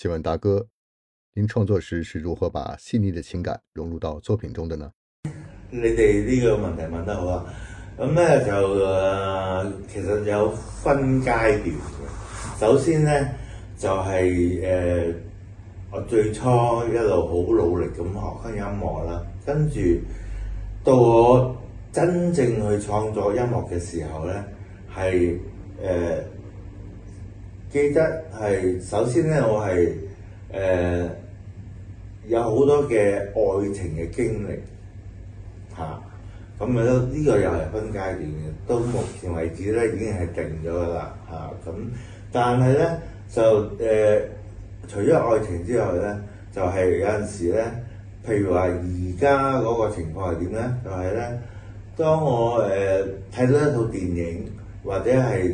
請問達哥，您創作時是如何把細膩的情感融入到作品中的呢？你哋呢個問題問得好啊！咁咧就誒，其實有分階段嘅。首先咧就係、是、誒、呃，我最初一路好努力咁學翻音樂啦，跟住到我真正去創作音樂嘅時候咧，係誒。呃記得係首先咧，我係誒有好多嘅愛情嘅經歷嚇，咁咪都呢個又係分階段嘅。到目前為止咧，已經係定咗㗎喇嚇。咁、啊、但係咧就誒、呃，除咗愛情之外咧，就係、是、有陣時咧，譬如話而家嗰個情況係點咧？就係、是、咧，當我誒睇、呃、到一套電影或者係，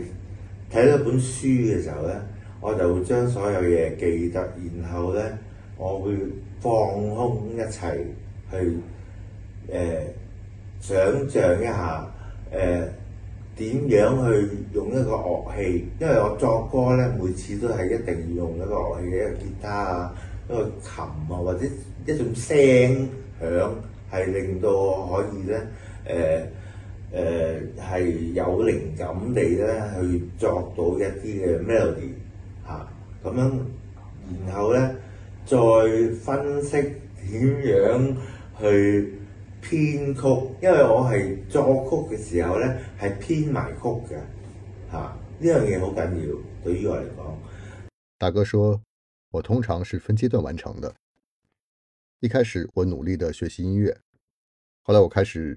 睇咗本書嘅時候呢，我就會將所有嘢記得，然後呢，我會放空一切去誒、呃、想像一下誒點、呃、樣去用一個樂器，因為我作歌呢，每次都係一定要用一個樂器，一個吉他啊，一個琴啊，或者一種聲響係令到我可以呢。誒、呃。誒、呃、係有靈感地咧去作到一啲嘅 melody 嚇、啊，咁樣，然後咧再分析點樣去編曲，因為我係作曲嘅時候咧係編埋曲嘅嚇，呢樣嘢好緊要對於我嚟講。大哥說：我通常是分階段完成的，一開始我努力地學習音樂，後來我開始。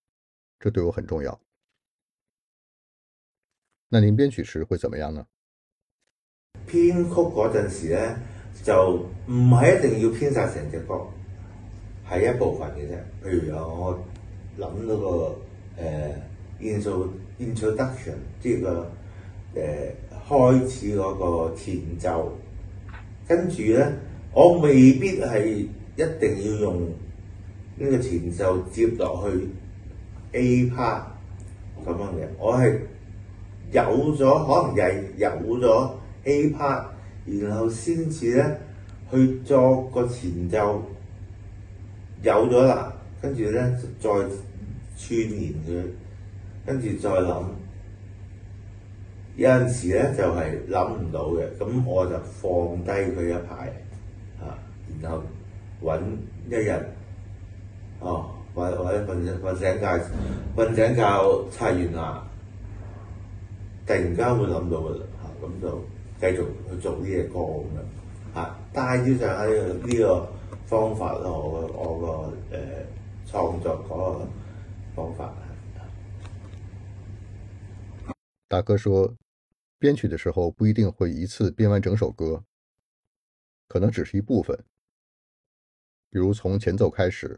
這對我很重要。那您編曲時會怎麼樣呢？編曲嗰陣時咧，就唔係一定要編晒成隻歌，係一部分嘅啫。譬如我諗到、嗰個誒，元、呃、素 introduction 即係、嗰個誒、呃、開始嗰個前奏，跟住咧，我未必係一定要用呢個前奏接落去。A part，咁樣嘅，我係有咗，可能係有咗 A part，然後先至咧去作個前奏，有咗啦，跟住咧再串連佢，跟住再諗。有陣時咧就係諗唔到嘅，咁我就放低佢一排，啊，然後揾一日，哦。我或者瞓瞓醒覺，瞓醒覺刷完牙，突然間會諗到嘅啦嚇，咁就繼續去做呢隻歌咁樣嚇。大致上係呢個方法咯，我我個誒、呃、創作嗰個方法。大哥說：編曲嘅時候不一定會一次編完整首歌，可能只是一部分，比如從前奏開始。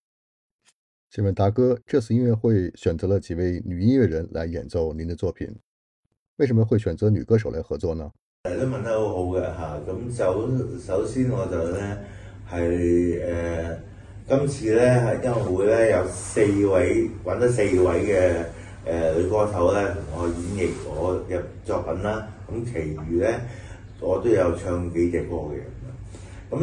請問達哥，這次音樂會選擇了幾位女音樂人來演奏您的作品？為什麼會選擇女歌手來合作呢？咁都問得好好嘅吓，咁首首先我就咧係誒，今次咧係音樂會咧有四位搵咗四位嘅誒、呃、女歌手咧同我演繹我嘅作品啦。咁其餘咧我都有唱幾隻歌嘅。咁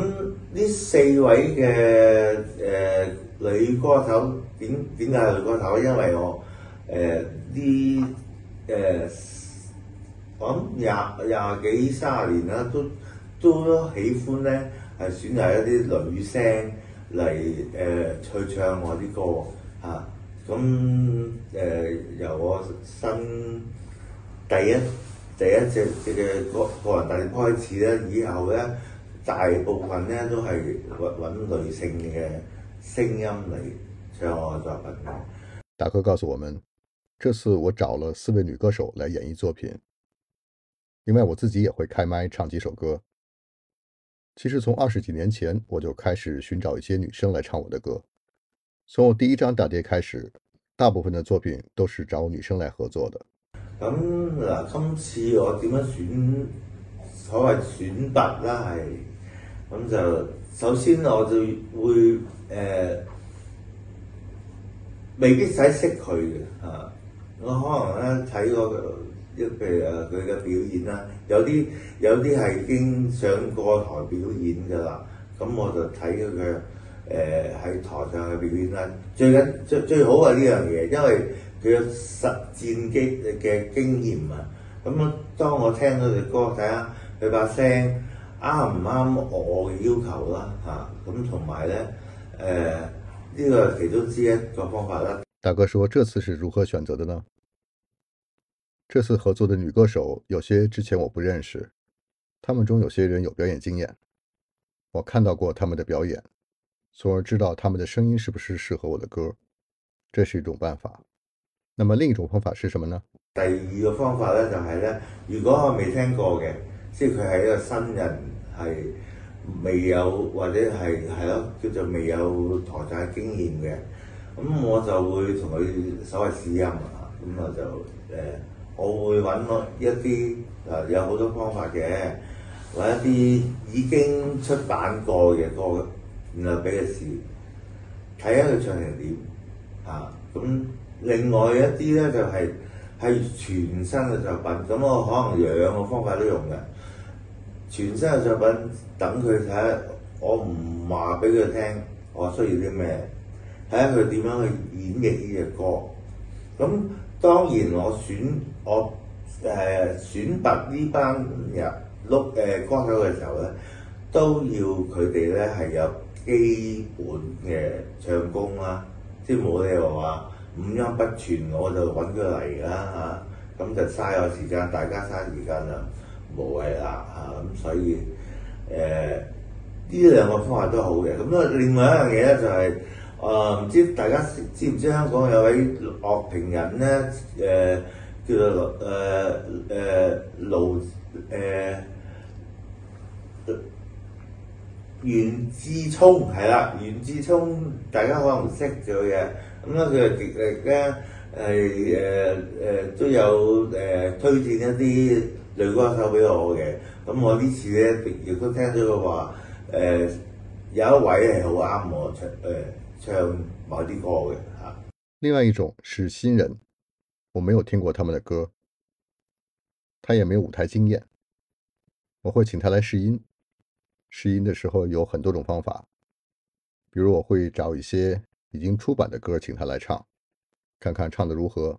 呢四位嘅誒。呃女歌手，點點解係女歌手？因為我呢，啲誒諗廿廿幾三十年啦，都都喜歡咧，係選擇一啲女聲嚟誒去唱我啲歌嚇。咁、啊、誒、嗯呃、由我新第一第一隻嘅個個人大一開始咧，以後咧大部分咧都係揾揾女性嘅。聲音嚟唱我作品啊。達哥告訴我們，這次我找了四位女歌手來演繹作品，另外我自己也會開麥唱幾首歌。其實從二十幾年前我就開始尋找一些女生來唱我的歌，從我第一張大碟開始，大部分的作品都是找女生來合作的。咁嗱，今次我點樣選，所謂選拔啦係。咁就首先我就會誒、呃、未必使識佢嘅嚇。我，啊、可能咧睇過佢，一譬如，誒佢嘅表演啦，有啲有啲係已經上過台表演嘅啦。咁我就睇佢嘅誒喺台上嘅表演啦。最緊最最好啊呢樣嘢，因為佢有實戰嘅嘅經驗啊。咁啊，當我聽到隻歌，睇下佢把聲。啱唔啱我嘅要求啦、啊、嚇，咁同埋咧，誒呢、呃這個其中之一個方法啦。大哥說：這次是如何選擇的呢？這次合作的女歌手有些之前我不認識，他們中有些人有表演經驗，我看到過他們的表演，從而知道他們的聲音是不是適合我的歌，這是一種辦法。那麼另一種方法是什麼呢？第二個方法咧就係、是、咧，如果我未聽過嘅。即係佢係一個新人，係未有或者係係咯，叫做未有台板經驗嘅。咁我就會同佢所謂試音嚇，咁啊就誒、呃，我會揾我一啲啊有好多方法嘅，揾一啲已經出版過嘅歌，然後俾佢試，睇下佢唱成點嚇。咁、啊、另外一啲咧就係、是、係全新嘅作品，咁我可能兩個方法都用嘅。全新嘅作品，等佢睇。我唔話俾佢聽，我需要啲咩？睇下佢點樣去演繹呢隻歌。咁當然我選我誒選拔呢班入碌誒歌手嘅時候咧，都要佢哋咧係有基本嘅唱功啦。即係冇理由話五音不全，我就揾佢嚟啦吓，咁就嘥咗時間，大家嘥時間啦。無謂啦嚇咁所以誒呢、呃、兩個方法都好嘅。咁另外一樣嘢咧就係、是、誒，唔、呃、知大家識知唔知香港有位樂評人咧誒、呃，叫做誒誒盧誒袁志聰，係啦，袁志聰大家可能識咗嘅。咁咧，佢就極力咧誒都有誒、呃、推薦一啲。嘅，咁我呢次咧亦都聽咗佢話，誒有一位係好啱我唱誒唱某啲歌嘅嚇。另外一種是新人，我沒有聽過他們的歌，他也沒有舞台經驗，我會請他來試音。試音的時候有很多種方法，比如我會找一些已經出版的歌請他來唱，看看唱得如何。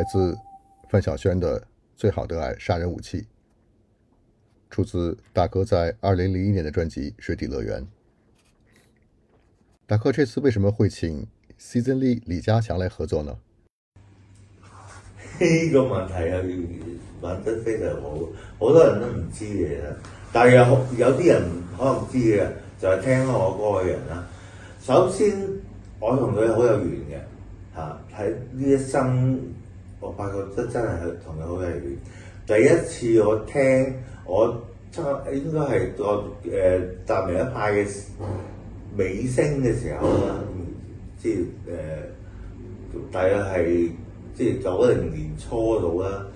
來自范曉萱的《最好的愛》，殺人武器，出自大哥在二零零一年的專輯《水底樂園》。大哥這次為什麼會請 Season Lee 李嘉祥來合作呢？呢、這個問題啊，問得非常好，好多人都唔知嘅。但係有有啲人可能知嘅，就係、是、聽我的歌嘅人啦。首先，我同佢好有緣嘅，吓喺呢一生。我發覺真真係同你好有距離，第一次我聽，我差應該係我誒，站、呃、明一派嘅尾聲嘅時候啦、 呃，即係誒，大概係即係九零年初到啦，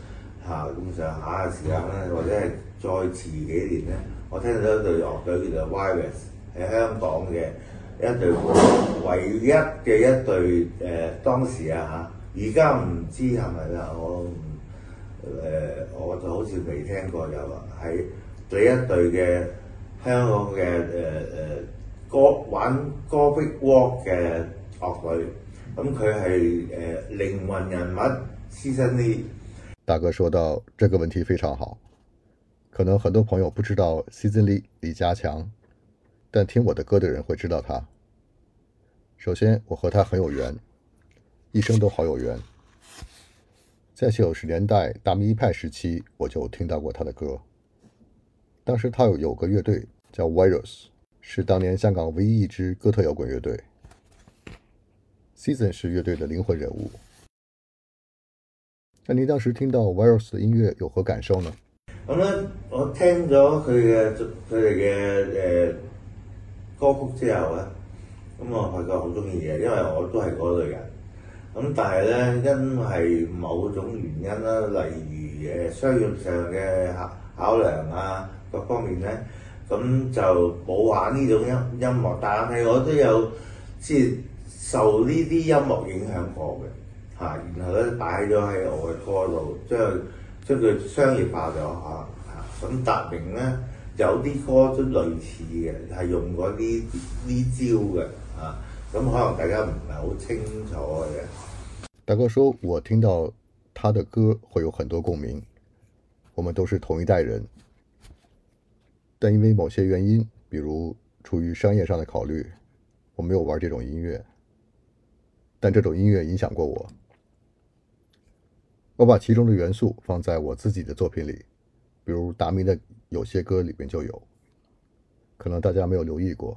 嚇咁上下嘅時間啦，或者係再遲幾年咧，我聽到一隊樂隊叫做 Wireless，喺香港嘅一隊唯一嘅一隊誒、呃，當時啊嚇。而家唔知係咪啦，我誒、呃、我就好似未聽過有喺第一隊嘅香港嘅誒誒歌玩歌壁 Walk 嘅樂隊，咁佢係誒靈魂人物 Cecily。大哥說到這個問題非常好，可能很多朋友不知道 Cecily 李家強，但聽我的歌的人會知道他。首先，我和他很有緣。一生都好有緣。在九十年代達明一派時期，我就聽到過他的歌。當時他有有個樂隊叫 Virus，是當年香港唯一一支哥特搖滾樂隊。Season 是樂隊的靈魂人物。那你當時聽到 Virus 的音樂有何感受呢？我聽咗佢嘅佢哋嘅誒歌曲之後咧，咁我發覺好中意嘅，因為我都係嗰類人。咁但係咧，因為某種原因啦，例如誒商業上嘅考考量啊，各方面咧，咁就冇玩呢種音音樂。但係我都有即係受呢啲音樂影響過嘅，嚇、啊、然後咧擺咗喺我嘅歌度，將將佢商業化咗嚇嚇。咁、啊、達明咧，有啲歌都類似嘅，係用嗰啲呢招嘅。咁可能大家唔係好清楚嘅。大哥說，我聽到他的歌會有很多共鳴。我們都是同一代人，但因為某些原因，比如出於商業上的考慮，我沒有玩這種音樂。但這種音樂影響過我，我把其中的元素放在我自己的作品裏，比如達明的有些歌裏邊就有，可能大家沒有留意過。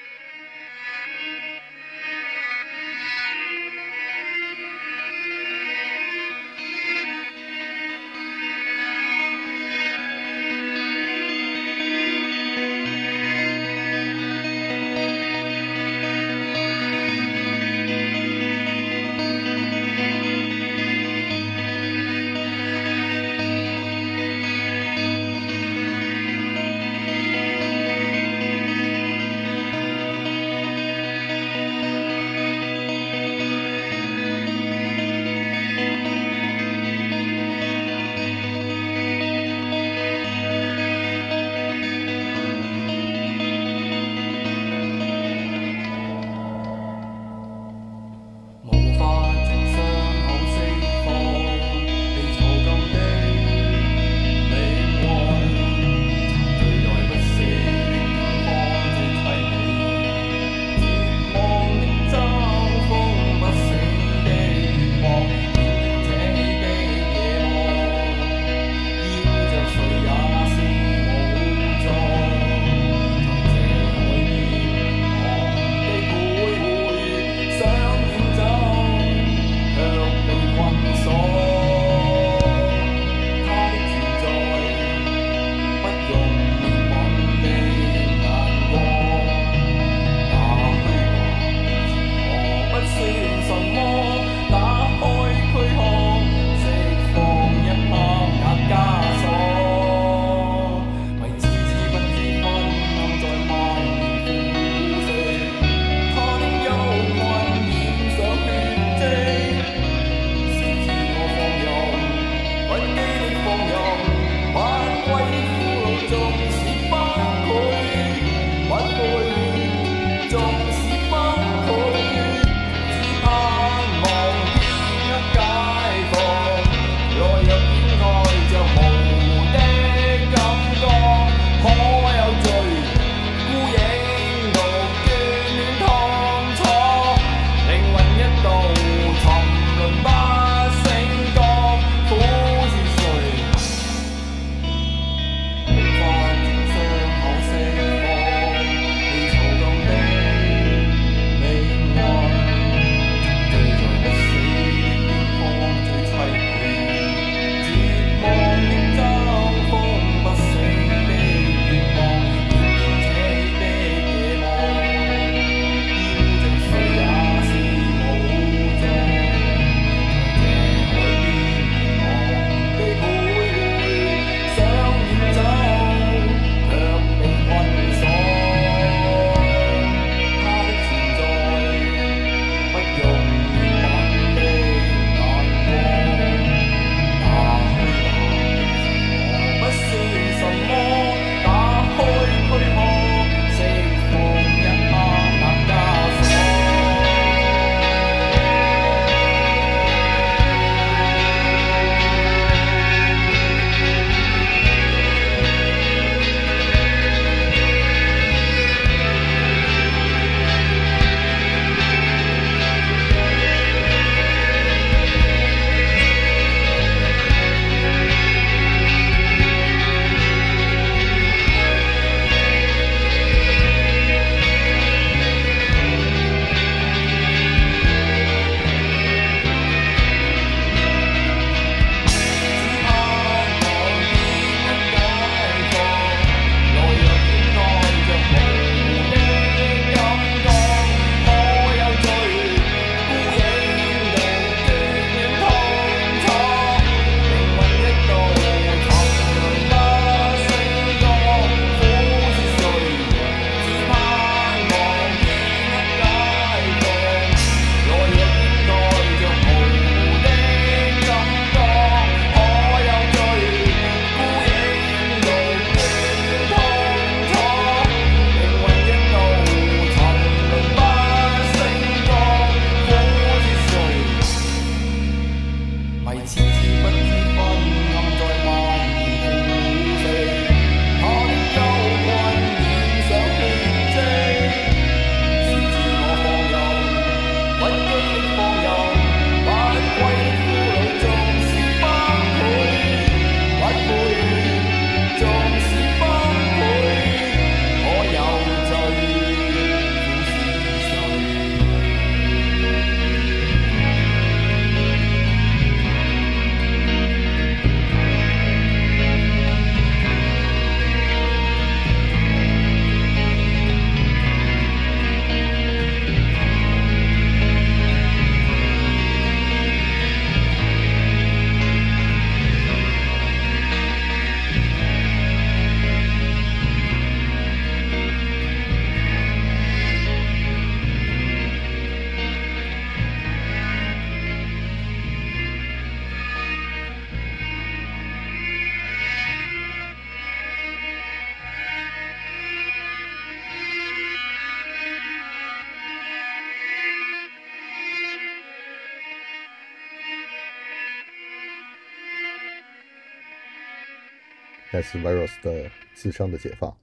是 Virus《Les v i r u s 的自傷的解放。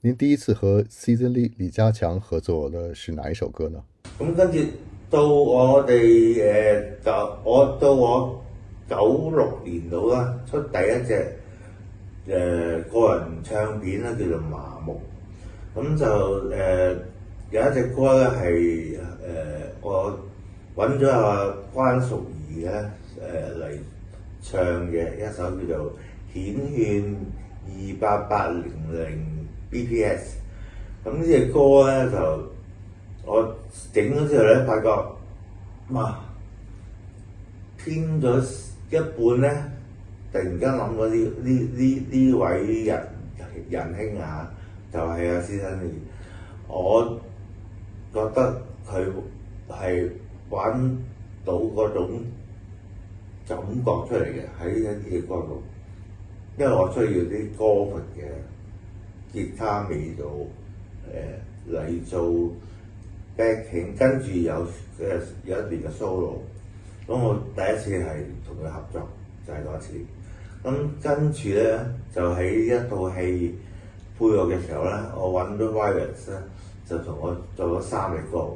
您第一次和 Cecily 李家強合作的是哪一首歌呢？咁、嗯、跟住到我哋誒就，我到我九六年度啦，出第一隻誒、呃、個人唱片啦，叫做《麻木》。咁、嗯、就誒、呃、有一隻歌咧，係、呃、誒我揾咗阿關淑怡咧誒嚟。呃唱嘅一首叫做《顯現二八八零零 BPS》，咁呢隻歌咧就我整咗之後咧，發覺哇，編、啊、咗一半咧，突然間諗到呢呢呢呢位人人兄啊，就係阿先生，我覺得佢係揾到嗰種。感咁出嚟嘅喺《春之光》度，因為我需要啲歌魂嘅吉他味道，誒、呃、嚟做 backing，跟住有誒有一段嘅 solo。咁我第一次係同佢合作就係、是、嗰一次。咁跟住咧就喺一套戲配樂嘅時候咧，我揾咗 Virus 咧就同我做咗三隻歌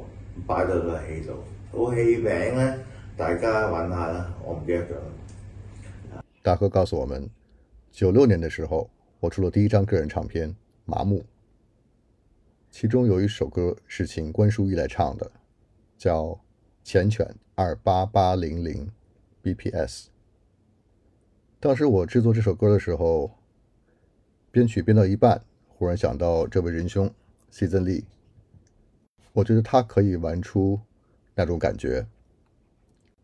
擺到咗戲度。套戲名咧～大家玩下啦，我唔記得咗。大哥告訴我們，九六年的時候，我出了第一張個人唱片《麻木》，其中有一首歌是請關淑怡來唱的，叫《繾綣二八八零零 BPS》。當時我製作這首歌的時候，編曲編到一半，忽然想到這位仁兄 Season Lee，我覺得他可以玩出那種感覺。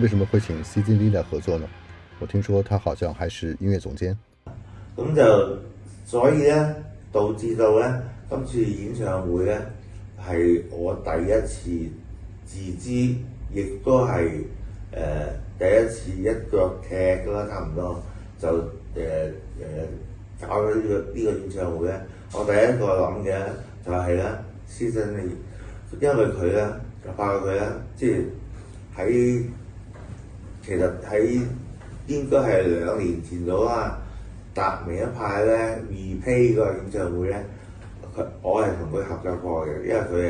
為什麼會請 CJ Lee 合作呢？我聽說他好像還是音樂總監。咁就所以咧，導致到咧今次演唱會咧係我第一次自資，亦都係誒、呃、第一次一腳踢噶啦，差唔多就誒誒、呃呃、搞呢、這個呢、這個演唱會咧。我第一個諗嘅就係咧，先生你因為佢咧就包括佢咧，即係喺。其實喺應該係兩年前到啦。達明一派咧 repeat 個演唱會咧，佢我係同佢合作過嘅，因為佢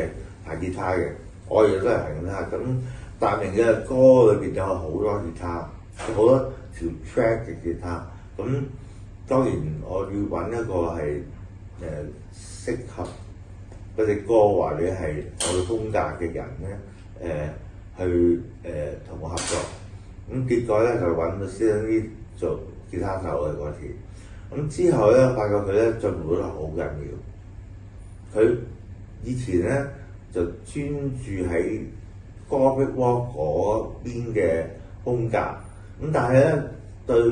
係彈吉他嘅，我亦都係彈吉他。咁達明嘅歌裏邊有好多吉他，好多條 track 嘅吉他。咁當然我要揾一個係誒、呃、適合嗰隻歌或者係我嘅風格嘅人咧，誒、呃、去誒同、呃、我合作。咁結果咧就揾個師兄做結他手嘅嗰次，咁之後咧發覺佢咧進步得好緊要。佢以前咧就專注喺歌碧窩嗰邊嘅風格，咁但係咧對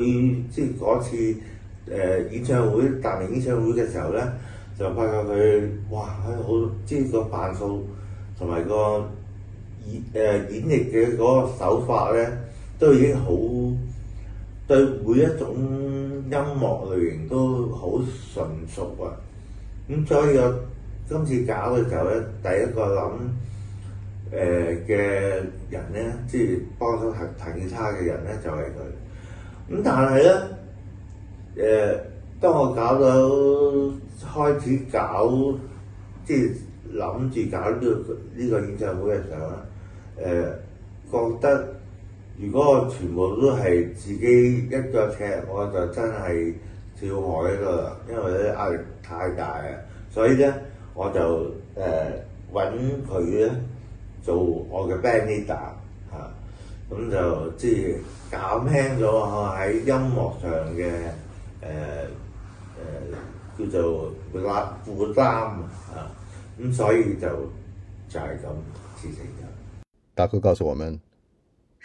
即嗰次演唱會達明演唱會嘅時候咧，就發覺佢哇，好即個扮數同埋個演誒、呃、演繹嘅嗰個手法咧，都已經好對每一種音樂類型都好純熟啊！咁所以我今次搞嘅時候咧，第一個諗誒嘅人咧，即係幫手彈彈吉他嘅人咧，就係、是、佢。咁、就是、但係咧誒，當我搞到開始搞即係諗住搞呢個呢個演唱會嘅時候咧，誒、呃、覺得。如果我全部都係自己一腳踢，我就真係跳海呢啦，因為啲壓力太大啊！所以咧，我就誒揾佢咧做我嘅 band leader 嚇，咁、啊、就即係、就是、減輕咗我喺音樂上嘅誒誒叫做負負擔嚇，咁、嗯、所以就就係咁完成就。大哥，告訴我們。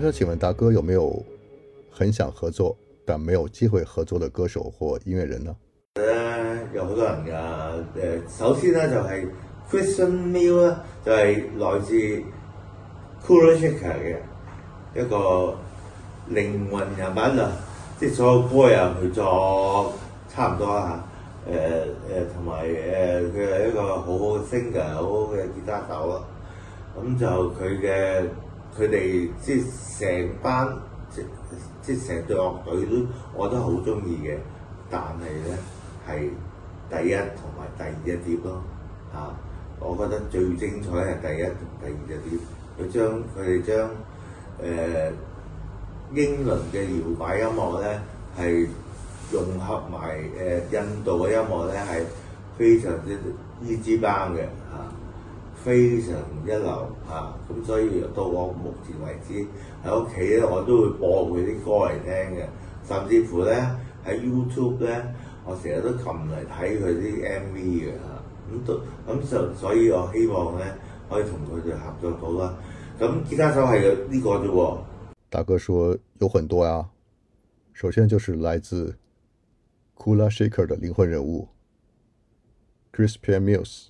我想請問大哥有沒有很想合作但沒有機會合作的歌手或音樂人呢？呃、有好多人㗎。誒、呃，首先咧就係 Christian Miu 啦，就係、是、來自 Cooler Checker 嘅一個靈魂人物啊，即係所有歌又去做差唔多啦嚇。誒、呃、誒，同埋誒，佢係、呃、一個好 singer，好嘅 singer，好好嘅吉他手咯。咁、嗯、就佢嘅。佢哋即係成班即即係成隊樂隊都，我都好中意嘅。但係咧係第一同埋第二隻碟咯。啊，我覺得最精彩係第一同第二隻碟。佢將佢哋將誒、呃、英倫嘅搖擺音樂咧，係融合埋誒、呃、印度嘅音樂咧，係非常之衣之班嘅啊。非常一流嚇，咁、啊、所以到我目前為止喺屋企咧，我都會播佢啲歌嚟聽嘅，甚至乎咧喺 YouTube 咧，我成日都撳嚟睇佢啲 MV 嘅，咁都咁就所以，我希望咧可以同佢哋合作到啦。咁吉他手係有呢個啫喎。大哥說有很多啊，首先就是來自 Kula Shaker 的靈魂人物 Crispian Mills。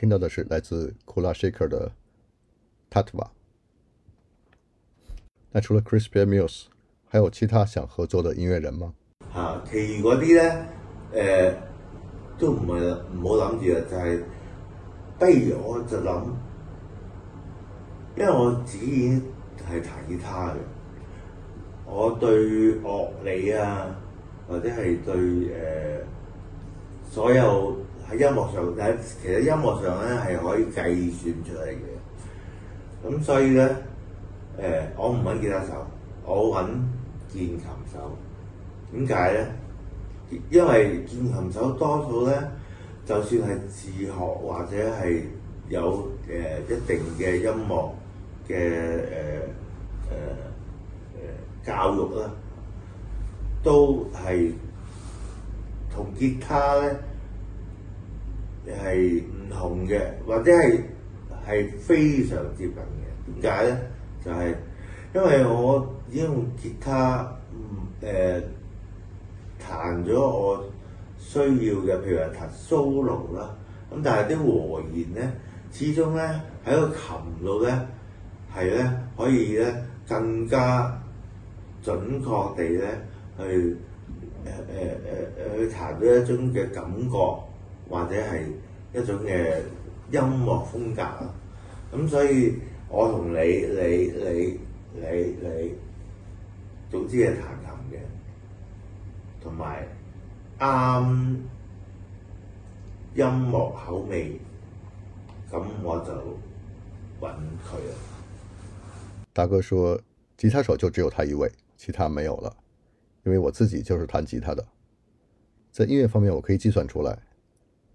聽到的是來自 Kula Shaker 的 Tattva。那除了 Crispian Mills，還有其他想合作的音樂人嗎？啊，其餘嗰啲咧，誒都唔係唔好諗住啊，就係、是、不如我就諗，因為我自己已經係彈吉他嘅，我對樂理啊，或者係對誒、呃、所有。喺音樂上，但其實音樂上咧係可以計算出嚟嘅。咁所以咧，誒我唔揾吉他手，我揾鍵琴手。點解咧？因為鍵琴手多數咧，就算係自學或者係有誒一定嘅音樂嘅誒誒教育啦，都係同吉他咧。係唔同嘅，或者係係非常接近嘅。點解咧？就係、是、因為我已經用吉他，嗯、呃、誒彈咗我需要嘅，譬如話彈 solo 啦。咁但係啲和弦咧，始終咧喺個琴度咧係咧可以咧更加準確地咧去誒誒誒誒去彈咗一種嘅感覺，或者係一種嘅音樂風格啦，咁所以我同你、你、你、你、你，總之係彈琴嘅，同埋啱音樂口味，咁我就揾佢啦。大哥說，吉他手就只有他一位，其他沒有啦，因為我自己就是彈吉他的，在音樂方面我可以計算出來。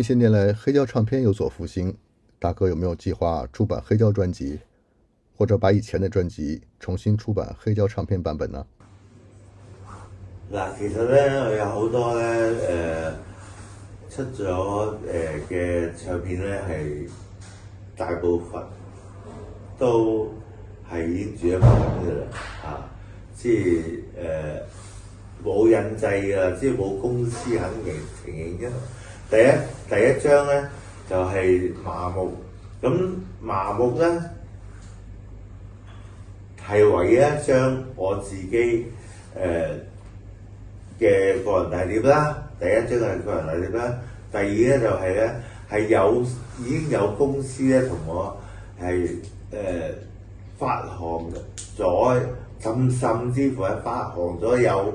近些年來黑膠唱片有所復興，大哥有沒有計劃出版黑膠專輯，或者把以前的專輯重新出版黑膠唱片版本呢？嗱，其實咧有好多咧誒、呃、出咗誒嘅唱片咧係大部分都係已經絕咗版嘅啦，吓，即係誒冇印製㗎，即係冇公司肯認承認啫。呃第一第一張咧就係、是、麻木，咁麻木咧係唯一一張我自己誒嘅、呃、個人大碟啦，第一張係個人大碟啦。第二咧就係咧係有已經有公司咧同我係誒、呃、發行咗，甚至乎係發行咗有，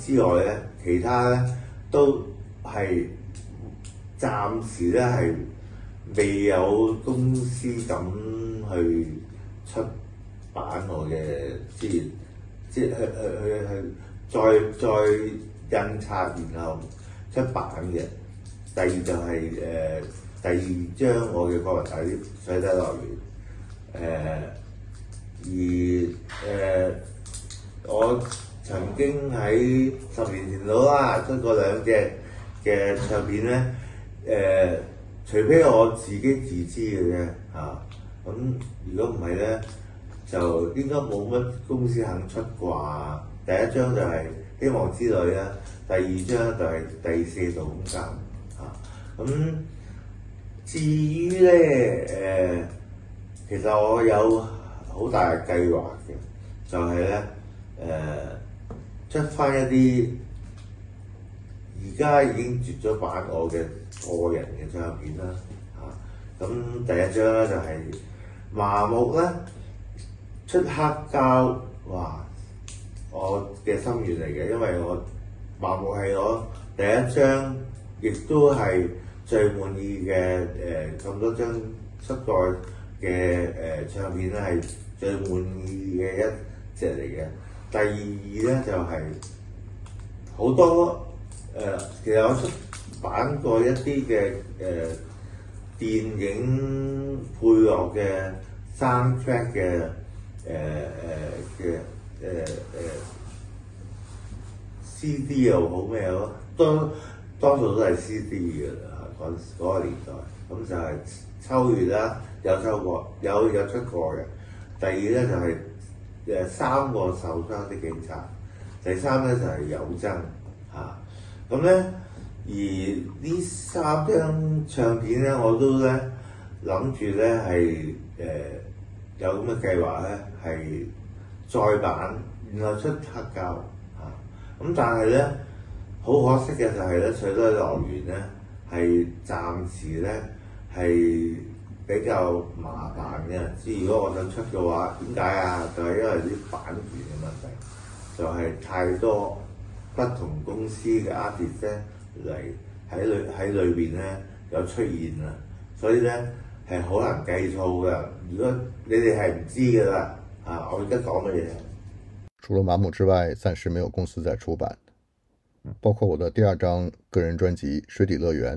之外咧，其他咧都係暫時咧係未有公司咁去出版我嘅資源，即係去去去去，去再再印刷然後出版嘅。第二就係、是、誒、呃，第二張我嘅個人簡歷寫咗落嚟誒、呃、而誒、呃、我。曾經喺十年前到啦，出過兩隻嘅唱片咧。誒、呃，除非我自己自知嘅啫嚇。咁如果唔係咧，就應該冇乜公司肯出啩。第一張就係《希望之旅》啦，第二張就係《第四度空間》嚇、啊。咁、嗯、至於咧誒，其實我有好大計劃嘅，就係咧誒。呃出翻一啲，而家已經絕咗版我嘅個人嘅唱片啦，嚇、啊！咁第一張咧就係麻木咧，出黑膠哇！我嘅心願嚟嘅，因為我麻木係我第一張，亦都係最滿意嘅誒咁多張出代嘅誒、呃、唱片咧，係最滿意嘅一隻嚟嘅。第二咧就係、是、好多誒、呃，其實我出版過一啲嘅誒電影配樂嘅 soundtrack 嘅誒誒、呃、嘅誒、呃、誒、呃呃、CD 又好咩咯，當多，多數都係 CD 嘅嗰嗰個年代，咁就係秋月啦，有抽過，有有出過嘅。第二咧就係、是。誒三個受傷的警察，第三咧就係有爭嚇，咁、啊、咧而呢三張唱片咧，我都咧諗住咧係誒有咁嘅計劃咧，係再版然後出黑膠嚇，咁、啊啊、但係咧好可惜嘅就係咧，許多樂園咧係暫時咧係。係比較麻煩嘅，即係如果我想出嘅話，點解啊？就係因為啲版權嘅問題，就係太多不同公司嘅 artist 咧嚟喺裏喺裏邊咧有出現啊，所以咧係好難計數嘅。如果你哋係唔知㗎啦。啊我而家講嘅嘢。除咗麻木之外，暫時沒有公司在出版，包括我的第二張個人專輯《水底樂園》。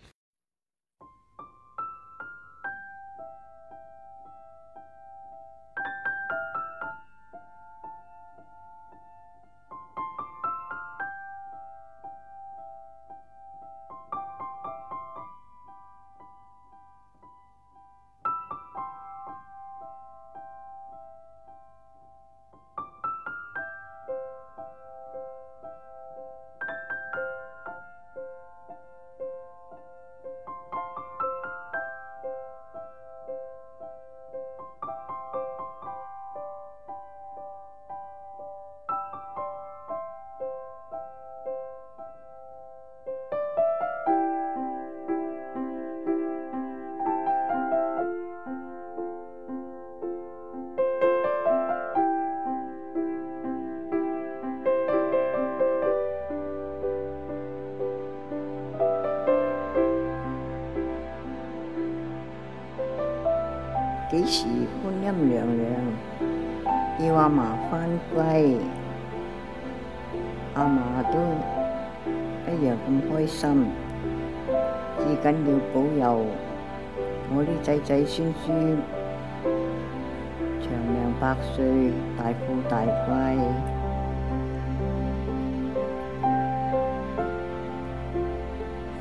阿嫲返歸，阿嫲都一樣咁開心，至緊要保佑我啲仔仔孫孫長命百歲，大富大，富大貴。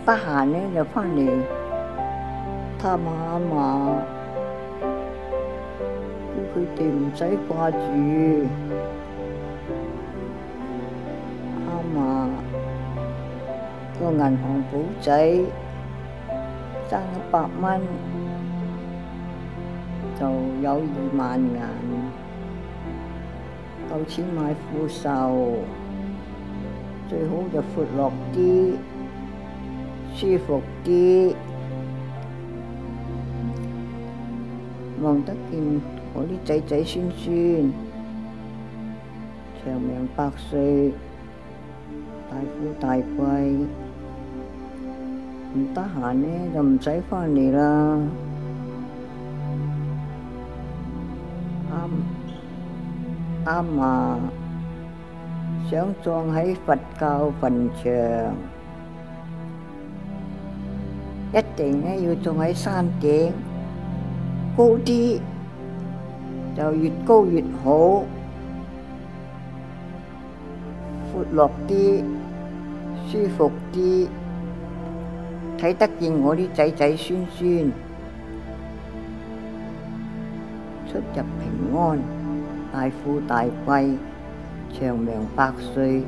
得閒呢就翻嚟探阿嫲。你哋唔使掛住，阿嫲個銀行簿仔爭一百蚊就有二萬銀，夠錢買副壽，最好就闊落啲，舒服啲，望得見。我啲仔仔孫孫長命百歲，大富大貴，唔得閒呢就唔使返嚟啦。阿阿嫲想葬喺佛教墳場，一定呢要葬喺山頂高啲。又越高越好，闊落啲，舒服啲，睇得見我啲仔仔孫孫出入平安，大富大貴，長命百歲。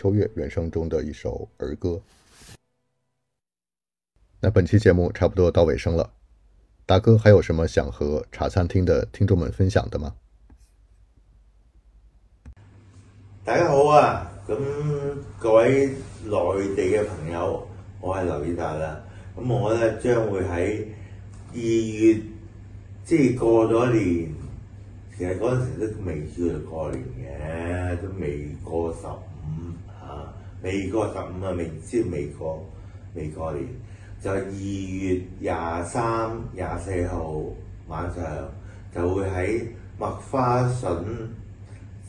秋月原聲中的一首兒歌。那本期節目差不多到尾聲了，達哥還有什麼想和茶餐廳的聽眾們分享的嗎？大家好啊，咁各位內地嘅朋友，我係劉以達啦。咁我咧將會喺二月，即係過咗年，其實嗰陣時都未算過年嘅，都未過十。未過十五啊，明即係未過未過年，就二月廿三廿四號晚上就會喺麥花臣，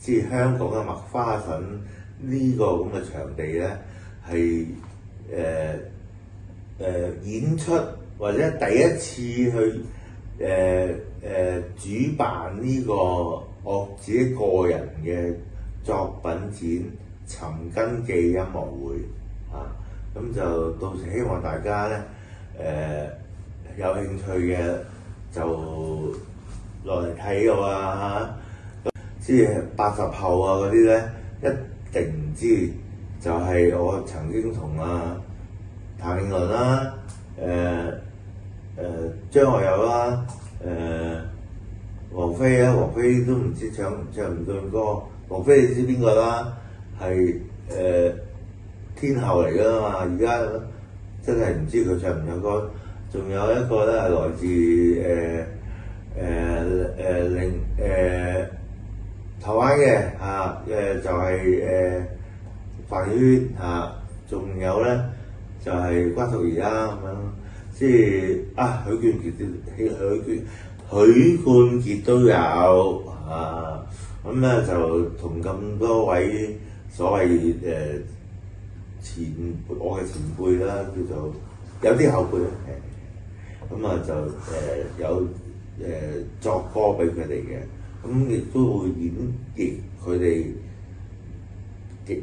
即、就、係、是、香港嘅麥花臣呢個咁嘅場地咧，係誒誒演出或者第一次去誒誒、呃呃、主辦呢個我自己個人嘅作品展。尋根記音樂會啊！咁就到時希望大家咧誒、呃、有興趣嘅就落嚟睇㗎嘛。啲八十後啊嗰啲咧一定唔知就係、是、我曾經同啊譚詠麟啦、誒誒、啊呃呃、張學友啦、啊、誒、呃、王菲啊。王菲、啊、都唔知道唱唱唔唱歌。王菲你知邊個啦？係、呃、天后嚟㗎嘛？而家真係唔知佢唱唔唱歌。仲有，有一個咧係來自誒誒誒令誒台灣嘅、啊呃、就係、是、誒、呃、范曉萱仲有咧就係、是、關淑怡啦咁樣。即係啊許冠傑，許冠許冠傑都有嚇。咁、啊、咧就同咁多位。所謂誒前輩我嘅前輩啦，叫做有啲後輩咧，咁啊就誒、呃、有誒、呃、作歌俾佢哋嘅，咁亦都會演繹佢哋嘅，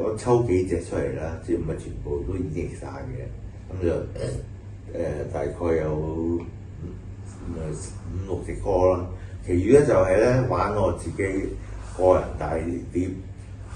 我抽幾隻出嚟啦，即唔係全部都演繹晒嘅，咁就誒、呃呃、大概有五五六隻歌啦。其餘咧就係咧玩我自己個人大碟。